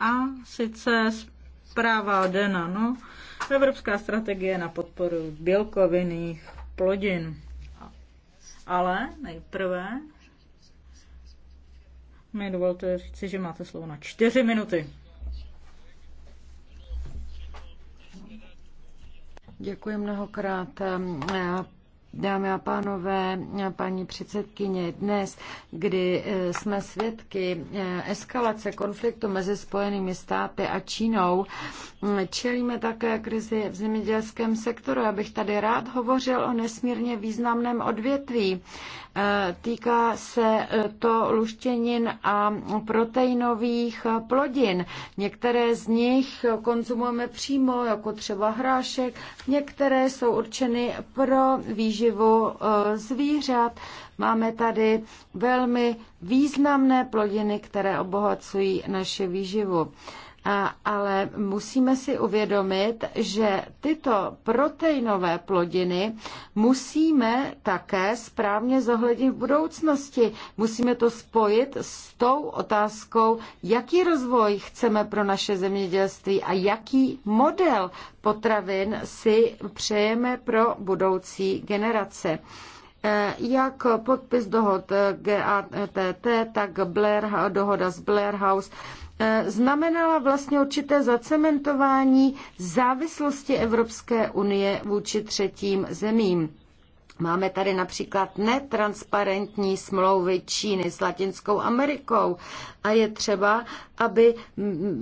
a sice zpráva Dena, no, Evropská strategie na podporu bílkovinných plodin. Ale nejprve mi dovolte říci, že máte slovo na čtyři minuty. Děkuji mnohokrát. Dámy a pánové, paní předsedkyně, dnes, kdy eh, jsme svědky eh, eskalace konfliktu mezi Spojenými státy a Čínou, hm, čelíme také krizi v zemědělském sektoru. Já bych tady rád hovořil o nesmírně významném odvětví. Eh, týká se to luštěnin a proteinových plodin. Některé z nich konzumujeme přímo, jako třeba hrášek, některé jsou určeny pro výživu výživu eh, zvířat. Máme tady velmi významné plodiny, které obohacují naše výživu ale musíme si uvědomit, že tyto proteinové plodiny musíme také správně zohlednit v budoucnosti. Musíme to spojit s tou otázkou, jaký rozvoj chceme pro naše zemědělství a jaký model potravin si přejeme pro budoucí generace e, jak podpis dohod GATT, tak Blair, dohoda z Blair House Eh, znamenala vlastně určité zacementování závislosti Evropské unie vůči třetím zemím. Máme tady například netransparentní smlouvy Číny s Latinskou Amerikou a je třeba, aby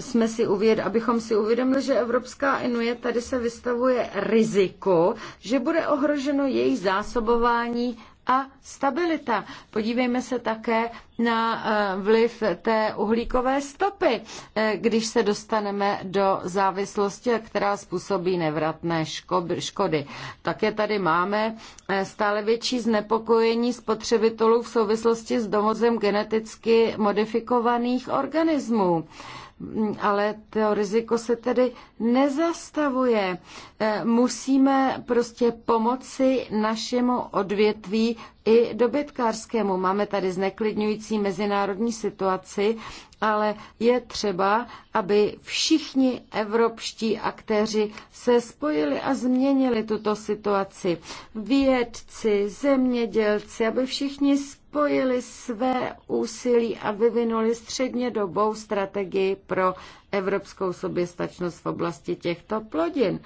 jsme si uvěd, abychom si uvědomili, že Evropská unie tady se vystavuje riziku, že bude ohroženo její zásobování a stabilita. Podívejme se také na eh, vliv té uhlíkové stopy, eh, když se dostaneme do závislosti, která způsobí nevratné škody. Také tady máme eh, stále větší znepokojení spotřebitelů v souvislosti s dovozem geneticky modifikovaných organismů. Mm, ale to riziko se tedy nezastavuje. Eh, musíme prostě pomoci našemu odvětví i dobytkářskému. Máme tady zneklidňující mezinárodní situaci, ale je třeba, aby všichni evropští aktéři se spojili a změnili tuto situaci. Vědci, zemědělci, aby všichni spojili své úsilí a vyvinuli středně dobou strategii pro evropskou soběstačnost v oblasti těchto plodin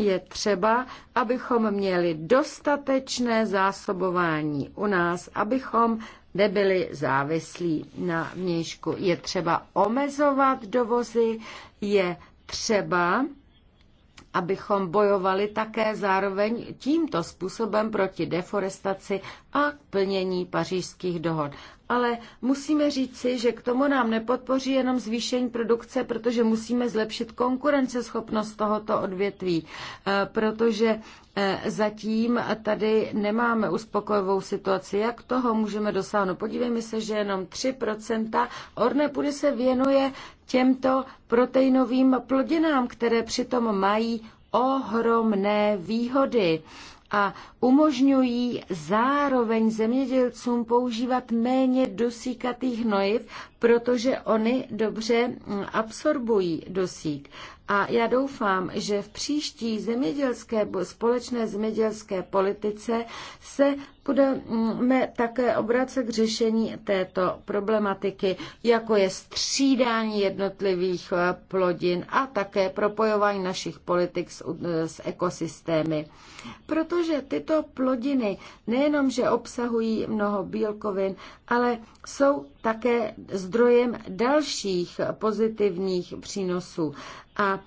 je třeba, abychom měli dostatečné zásobování u nás, abychom nebyli závislí na vnějšku. Je třeba omezovat dovozy, je třeba abychom bojovali také zároveň tímto způsobem proti deforestaci a k plnění pařížských dohod. Ale musíme říci, že k tomu nám nepodpoří jenom zvýšení produkce, protože musíme zlepšit konkurenceschopnost tohoto odvětví, eh, protože eh, zatím tady nemáme uspokojivou situaci. Jak toho můžeme dosáhnout? Podívejme se, že jenom 3% orné půdy se věnuje těmto proteinovým plodinám, které přitom mají ohromné výhody a umožňují zároveň zemědělcům používat méně dusíkatých hnojiv, protože oni dobře mm, absorbují dusík. A já doufám, že v příští zemědělské, společné zemědělské politice se budeme také obracet k řešení této problematiky, jako je střídání jednotlivých eh, plodin a také propojování našich politik s, eh, s ekosystémy. Protože tyto plodiny nejenom, že obsahují mnoho bílkovin, ale jsou také zdrojem dalších pozitivních přínosů. A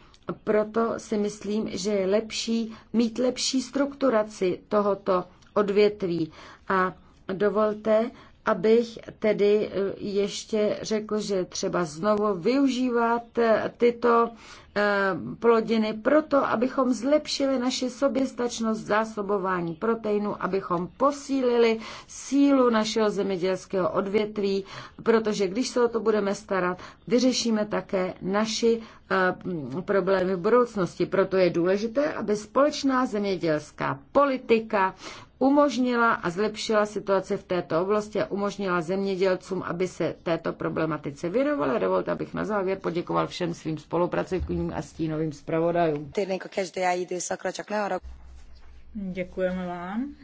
proto si myslím, že je lepší mít lepší strukturaci tohoto odvětví. A dovolte, abych tedy eh, ještě řekl, že třeba znovu využívat eh, tyto eh, plodiny proto, abychom zlepšili naši soběstačnost zásobování proteinu, abychom posílili sílu našeho zemědělského odvětví, protože když se o to budeme starat, vyřešíme také naši problémy v budoucnosti. Proto je důležité, aby společná zemědělská politika umožnila a zlepšila situaci v této oblasti a umožnila zemědělcům, aby se této problematice věnovali. Dovolte, abych na závěr poděkoval všem svým spolupracovníkům a stínovým zpravodajům. Děkujeme vám.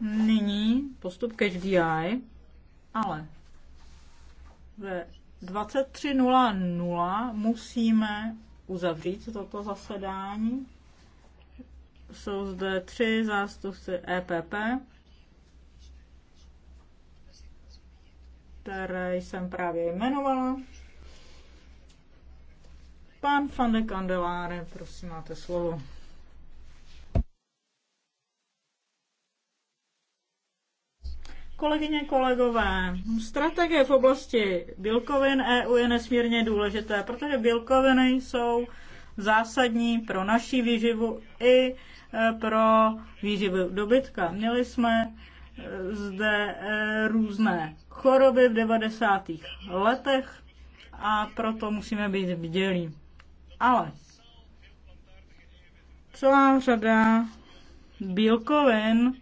Nyní postup ke HDI, ale ve 23.00 musíme uzavřít toto zasedání jsou zde tři zástupci EPP, které jsem právě jmenovala. Pan van de prosím, máte slovo. Kolegyně, kolegové, strategie v oblasti bílkovin EU je nesmírně důležité, protože bílkoviny jsou zásadní pro naši výživu i e, pro výživu dobytka. Měli jsme e, zde e, různé choroby v 90. letech a proto musíme být vdělí. Ale celá řada bílkovin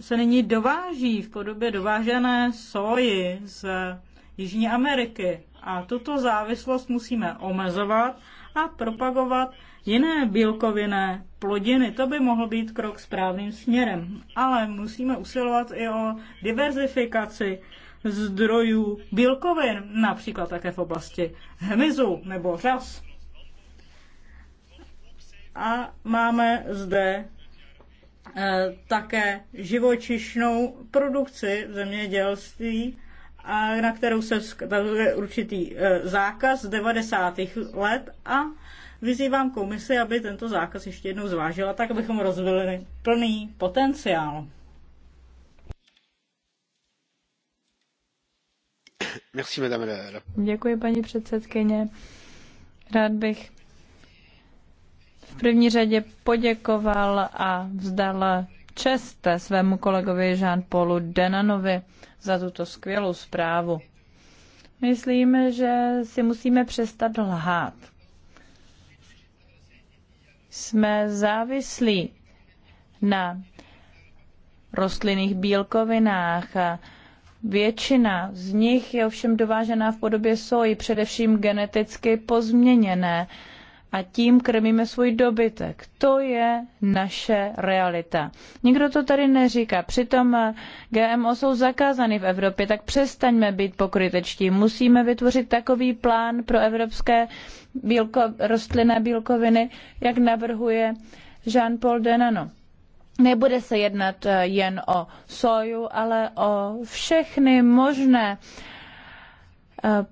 se nyní dováží v podobě dovážené soji z Jižní Ameriky. A tuto závislost musíme omezovat a propagovat jiné bílkovinné plodiny. To by mohl být krok správným směrem. Ale musíme usilovat i o diverzifikaci zdrojů bílkovin, například také v oblasti hmyzu nebo řas. A máme zde eh, také živočišnou produkci zemědělství, na kterou se vzkazuje určitý e, zákaz z 90. let a vyzývám komisi, aby tento zákaz ještě jednou zvážila, tak abychom rozvili plný potenciál. Děkuji, paní předsedkyně. Rád bych v první řadě poděkoval a vzdal čest svému kolegovi Jean-Paulu Denanovi za tuto skvělou zprávu. Myslím, že si musíme přestat lhát. Jsme závislí na rostlinných bílkovinách a většina z nich je ovšem dovážená v podobě soji, především geneticky pozměněné a tím krmíme svůj dobytek. To je naše realita. Nikdo to tady neříká. Přitom eh, GMO jsou zakázány v Evropě, tak přestaňme být pokrytečtí. Musíme vytvořit takový plán pro evropské bílko, rostlinné bílkoviny, jak navrhuje Jean-Paul Denano. Nebude se jednat eh, jen o soju, ale o všechny možné uh,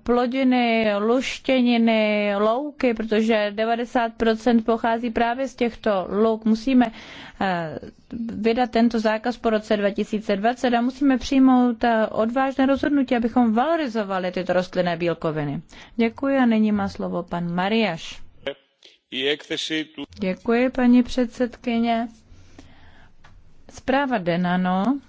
plodiny, luštěniny, louky, protože 90% pochází právě z těchto louk. Musíme eh, vydat tento zákaz po roce 2020 a musíme přijmout eh, odvážné rozhodnutí, abychom valorizovali tyto rostlinné bílkoviny. Děkuji a nyní má slovo pan Mariáš. Děkuji, paní předsedkyně. Zpráva Denano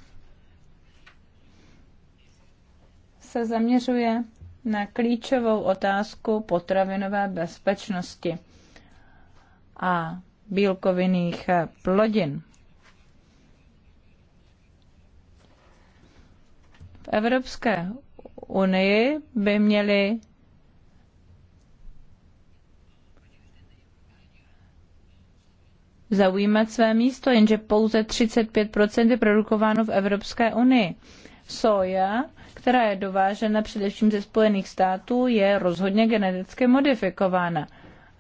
se zaměřuje na klíčovou otázku potravinové bezpečnosti a bílkovinných eh, plodin. V Evropské unii by měly zaujímat své místo, jenže pouze 35 je produkováno v Evropské unii soja, která je dovážena především ze Spojených států, je rozhodně geneticky modifikována.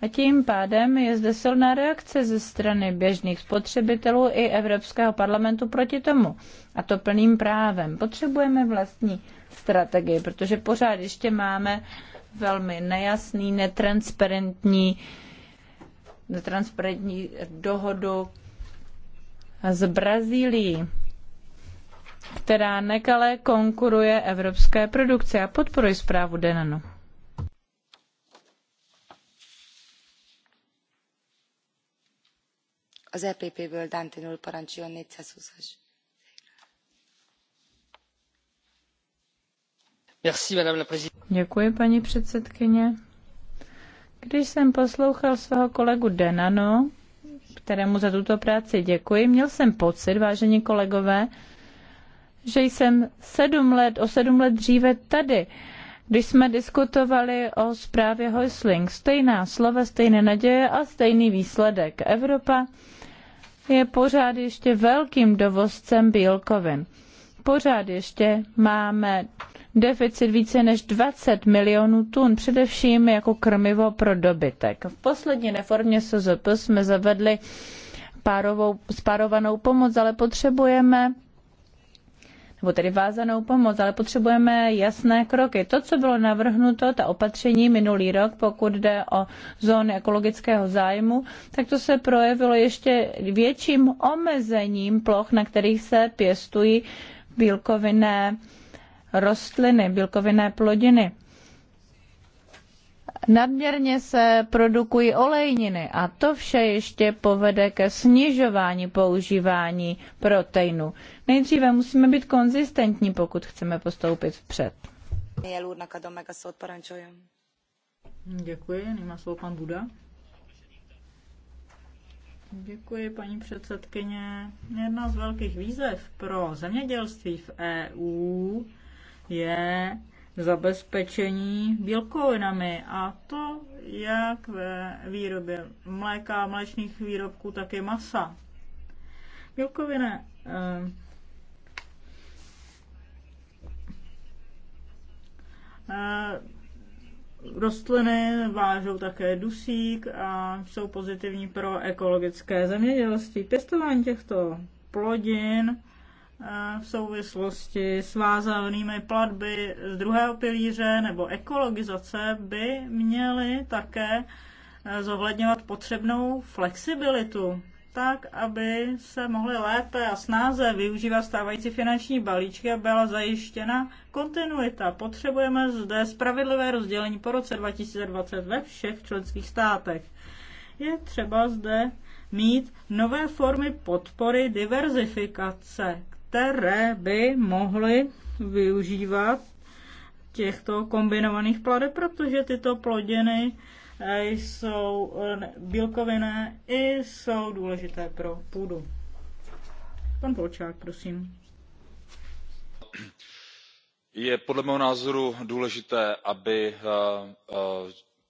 A tím pádem je zde silná reakce ze strany běžných spotřebitelů i Evropského parlamentu proti tomu. A to plným právem. Potřebujeme vlastní strategii, protože pořád ještě máme velmi nejasný, netransparentní, netransparentní dohodu s Brazílií která nekalé konkuruje evropské produkci a podporuje zprávu Denanu. Az EPP-ből Dante Null parancsoljon 420-as. Děkuji, paní předsedkyně. Když jsem poslouchal svého kolegu Denano, kterému za tuto práci děkuji, měl jsem pocit, vážení kolegové, že jsem sedm let, o sedm let dříve tady, když jsme diskutovali o zprávě Heusling. Stejná slova, stejné naděje a stejný výsledek. Evropa je pořád ještě velkým dovozcem bílkovin. Pořád ještě máme deficit více než 20 milionů tun, především jako krmivo pro dobytek. V poslední reformě SZP jsme zavedli párovou, spárovanou pomoc, ale potřebujeme nebo tedy vázanou pomoc, ale potřebujeme jasné kroky. To, co bylo navrhnuto, ta opatření minulý rok, pokud jde o zóny ekologického zájmu, tak to se projevilo ještě větším omezením ploch, na kterých se pěstují bílkovinné rostliny, bílkovinné plodiny. Nadměrně se produkují olejniny a to vše ještě povede ke snižování používání proteinu. Nejdříve musíme být konzistentní, pokud chceme postoupit vpřed. Děkuji, nyní má slovo pan Buda. Děkuji, paní předsedkyně. Jedna z velkých výzev pro zemědělství v EU je zabezpečení bílkovinami a to jak ve výrobě mléka, mléčných výrobků, tak i masa. Bílkoviny eh, eh, Rostliny vážou také dusík a jsou pozitivní pro ekologické zemědělství. Pěstování těchto plodin v souvislosti s vázanými platby z druhého pilíře nebo ekologizace by měly také e, zohledňovat potřebnou flexibilitu, tak aby se mohly lépe a snáze využívat stávající finanční balíčky a byla zajištěna kontinuita. Potřebujeme zde spravedlivé rozdělení po roce 2020 ve všech členských státech. Je třeba zde mít nové formy podpory diverzifikace, které by mohly využívat těchto kombinovaných plodeb, protože tyto plodiny eh, jsou eh, bílkovinné i jsou důležité pro půdu. Pan Polčák, prosím. Je podle mého názoru důležité, aby eh,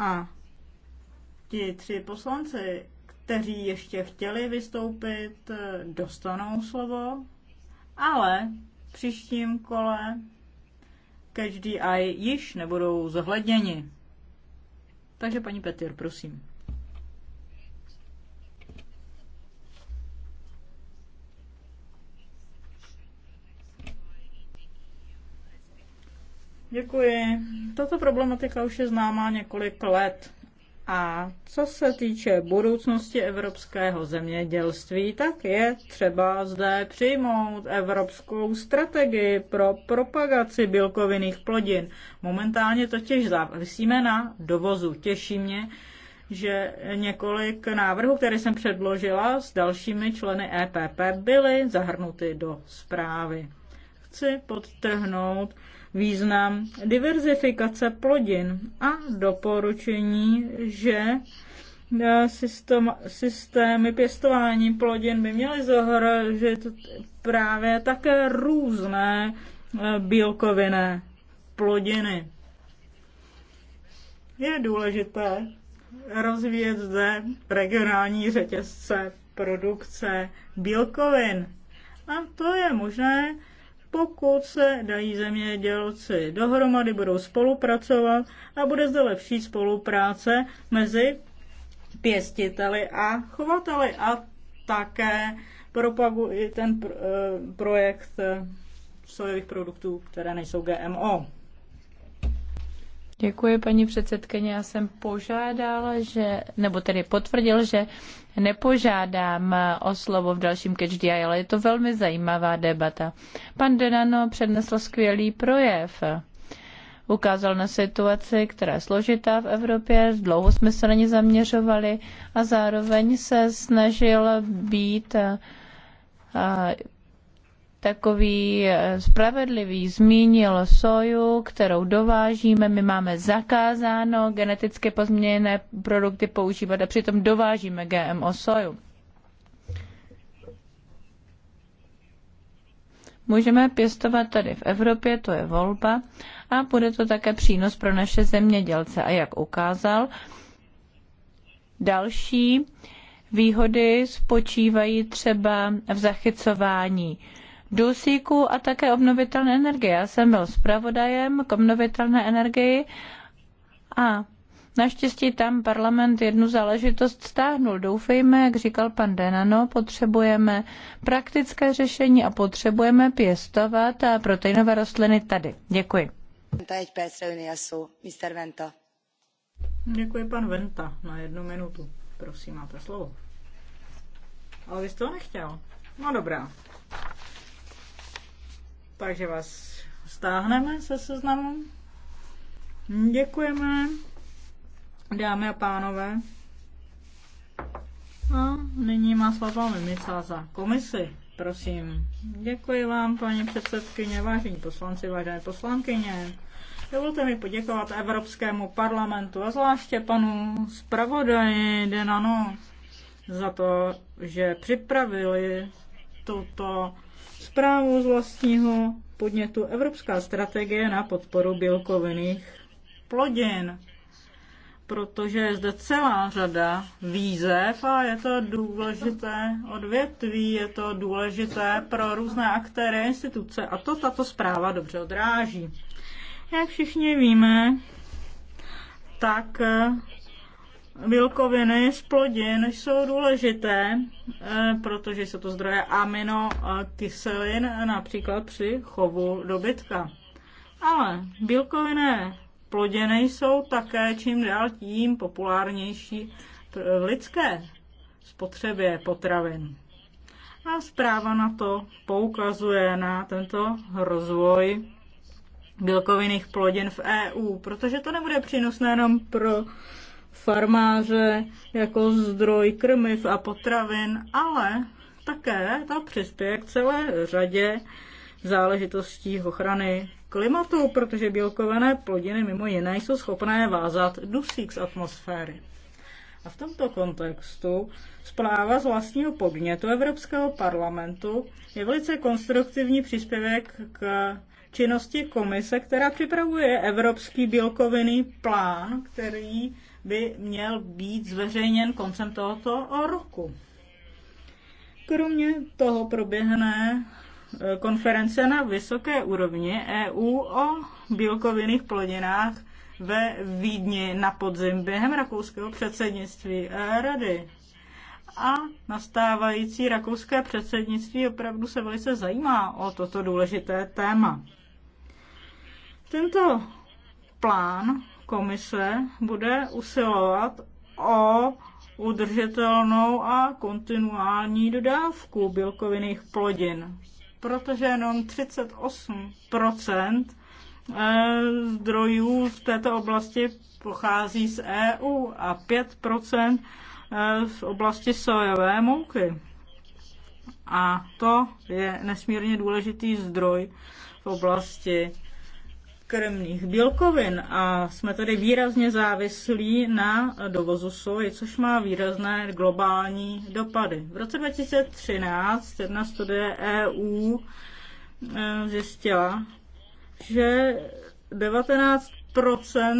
A ti tři poslanci, kteří ještě chtěli vystoupit, dostanou slovo, ale v příštím kole každý aj již nebudou zohledněni. Takže paní Petr, prosím. Děkuji. Tato problematika už je známá několik let. A co se týče budoucnosti evropského zemědělství, tak je třeba zde přijmout evropskou strategii pro propagaci bílkovinných plodin. Momentálně totiž závisíme na dovozu. Těší mě, že několik návrhů, které jsem předložila s dalšími členy EPP, byly zahrnuty do zprávy. Chci podtrhnout, význam diverzifikace plodin a doporučení, že eh, systém, systémy pěstování plodin by měly zohrožit právě také různé eh, bílkoviné plodiny. Je důležité rozvíjet zde regionální řetězce produkce bílkovin. A to je možné pokud se dají zemědělci dohromady, budou spolupracovat a bude zde lepší spolupráce mezi pěstiteli a chovateli a také propaguji ten eh, projekt eh, sojových produktů, které nejsou GMO. Děkuji, paní předsedkyně. Já jsem požádal, že, nebo tedy potvrdil, že nepožádám o slovo v dalším Catch Eye, ale je to velmi zajímavá debata. Pan Denano přednesl skvělý projev. Ukázal na situaci, která je složitá v Evropě, dlouho jsme se na ně zaměřovali a zároveň se snažil být takový eh, spravedlivý zmínil soju, kterou dovážíme. My máme zakázáno geneticky pozměněné produkty používat a přitom dovážíme GMO soju. Můžeme pěstovat tady v Evropě, to je volba, a bude to také přínos pro naše zemědělce. A jak ukázal, další výhody spočívají třeba v zachycování dusíku a také obnovitelné energie. Já jsem byl zpravodajem k obnovitelné energii a Naštěstí tam parlament jednu záležitost stáhnul. Doufejme, jak říkal pan Denano, potřebujeme praktické řešení a potřebujeme pěstovat a proteinové rostliny tady. Děkuji. Děkuji pan Venta na jednu minutu. Prosím, máte slovo. Ale vy jste ho nechtěl. No dobrá. Takže vás stáhneme se seznamu. Děkujeme, dámy a pánové. A nyní má slovo Mimica za komisi. Prosím. Děkuji vám, paní předsedkyně, vážení poslanci, vážené poslankyně. Dovolte mi poděkovat Evropskému parlamentu a zvláště panu zpravodaji Denano za to, že připravili tuto zprávu z vlastního podnětu Evropská strategie na podporu bílkovinných plodin, protože je zde celá řada výzev a je to důležité odvětví, je to důležité pro různé aktéry, instituce a to tato zpráva dobře odráží. Jak všichni víme, tak bílkoviny z plodin jsou důležité, eh, protože jsou to zdroje aminokyselin například při chovu dobytka. Ale bílkoviny, plodiny jsou také čím dál tím populárnější v lidské spotřebě potravin. A zpráva na to poukazuje na tento rozvoj bílkovinných plodin v EU, protože to nebude přínosné jenom pro farmáře jako zdroj krmiv a potravin, ale také ta přispěje k celé řadě záležitostí ochrany klimatu, protože bílkovené plodiny mimo jiné jsou schopné vázat dusík z atmosféry. A v tomto kontextu zpráva z vlastního podnětu Evropského parlamentu je velice konstruktivní příspěvek k činnosti komise, která připravuje Evropský bílkovinný plán, který by měl být zveřejněn koncem tohoto roku. Kromě toho proběhne eh, konference na vysoké úrovni EU o bílkovinných plodinách ve Vídni na podzim během rakouského předsednictví Rady. A nastávající rakouské předsednictví opravdu se velice zajímá o toto důležité téma. Tento plán komise bude usilovat o udržitelnou a kontinuální dodávku bílkovinných plodin, protože jenom 38 eh, zdrojů v této oblasti pochází z EU a 5 eh, z oblasti sojové mouky. A to je nesmírně důležitý zdroj v oblasti krmných bílkovin a jsme tady výrazně závislí na dovozu soji, což má výrazné globální dopady. V roce 2013 jedna studie EU eh, zjistila, že 19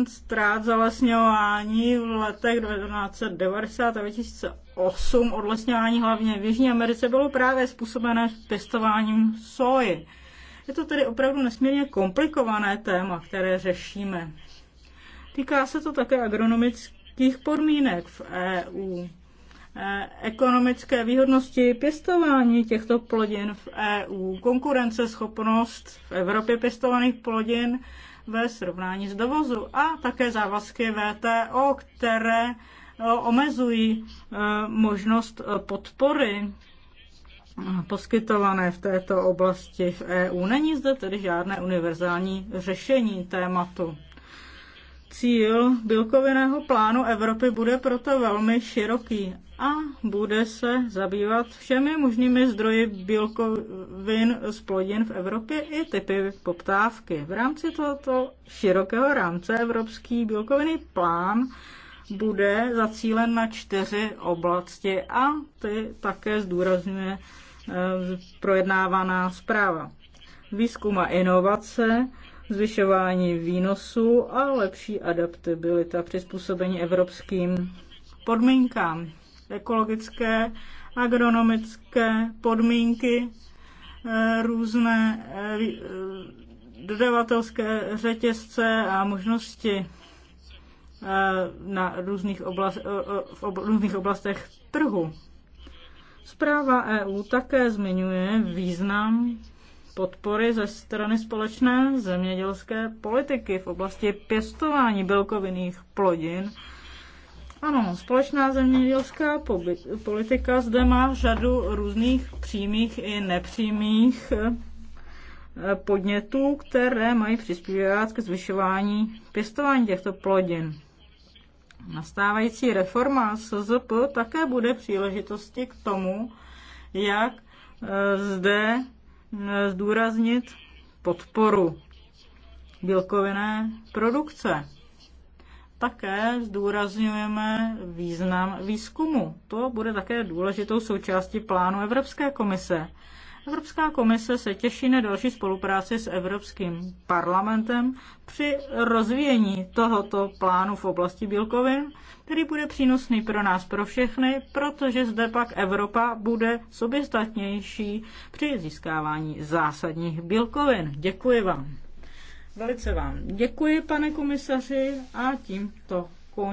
ztrát zalesňování v letech 1990 a 2008 odlesňování hlavně v Jižní Americe bylo právě způsobené pěstováním soji. Je to tedy opravdu nesmírně komplikované téma, které řešíme. Týká se to také agronomických podmínek v EU, e, ekonomické výhodnosti pěstování těchto plodin v EU, konkurenceschopnost v Evropě pěstovaných plodin ve srovnání s dovozu a také závazky VTO, které e, omezují e, možnost podpory poskytované v této oblasti v EU. Není zde tedy žádné univerzální řešení tématu. Cíl bílkovinného plánu Evropy bude proto velmi široký a bude se zabývat všemi možnými zdroji bílkovin z plodin v Evropě i typy poptávky. V rámci tohoto širokého rámce Evropský bílkovinný plán bude zacílen na čtyři oblasti a ty také zdůrazňuje Eh, projednávaná zpráva. Výzkum a inovace, zvyšování výnosů a lepší adaptabilita přizpůsobení evropským podmínkám. Ekologické, agronomické podmínky, eh, různé eh, dodavatelské řetězce a možnosti na různých oblast, v různých oblastech trhu. Zpráva EU také zmiňuje význam podpory ze strany společné zemědělské politiky v oblasti pěstování bylkovinných plodin. Ano, společná zemědělská politika zde má řadu různých přímých i nepřímých eh, podnětů, které mají přispívat k zvyšování pěstování těchto plodin. Nastávající reforma SZP také bude příležitosti k tomu, jak e, zde e, zdůraznit podporu bílkovinné produkce. Také zdůrazňujeme význam výzkumu. To bude také důležitou součástí plánu Evropské komise. Evropská komise se těší na další spolupráci s Evropským parlamentem při rozvíjení tohoto plánu v oblasti bílkovin, který bude přínosný pro nás, pro všechny, protože zde pak Evropa bude soběstatnější při získávání zásadních bílkovin. Děkuji vám. Velice vám děkuji, pane komisaři, a tímto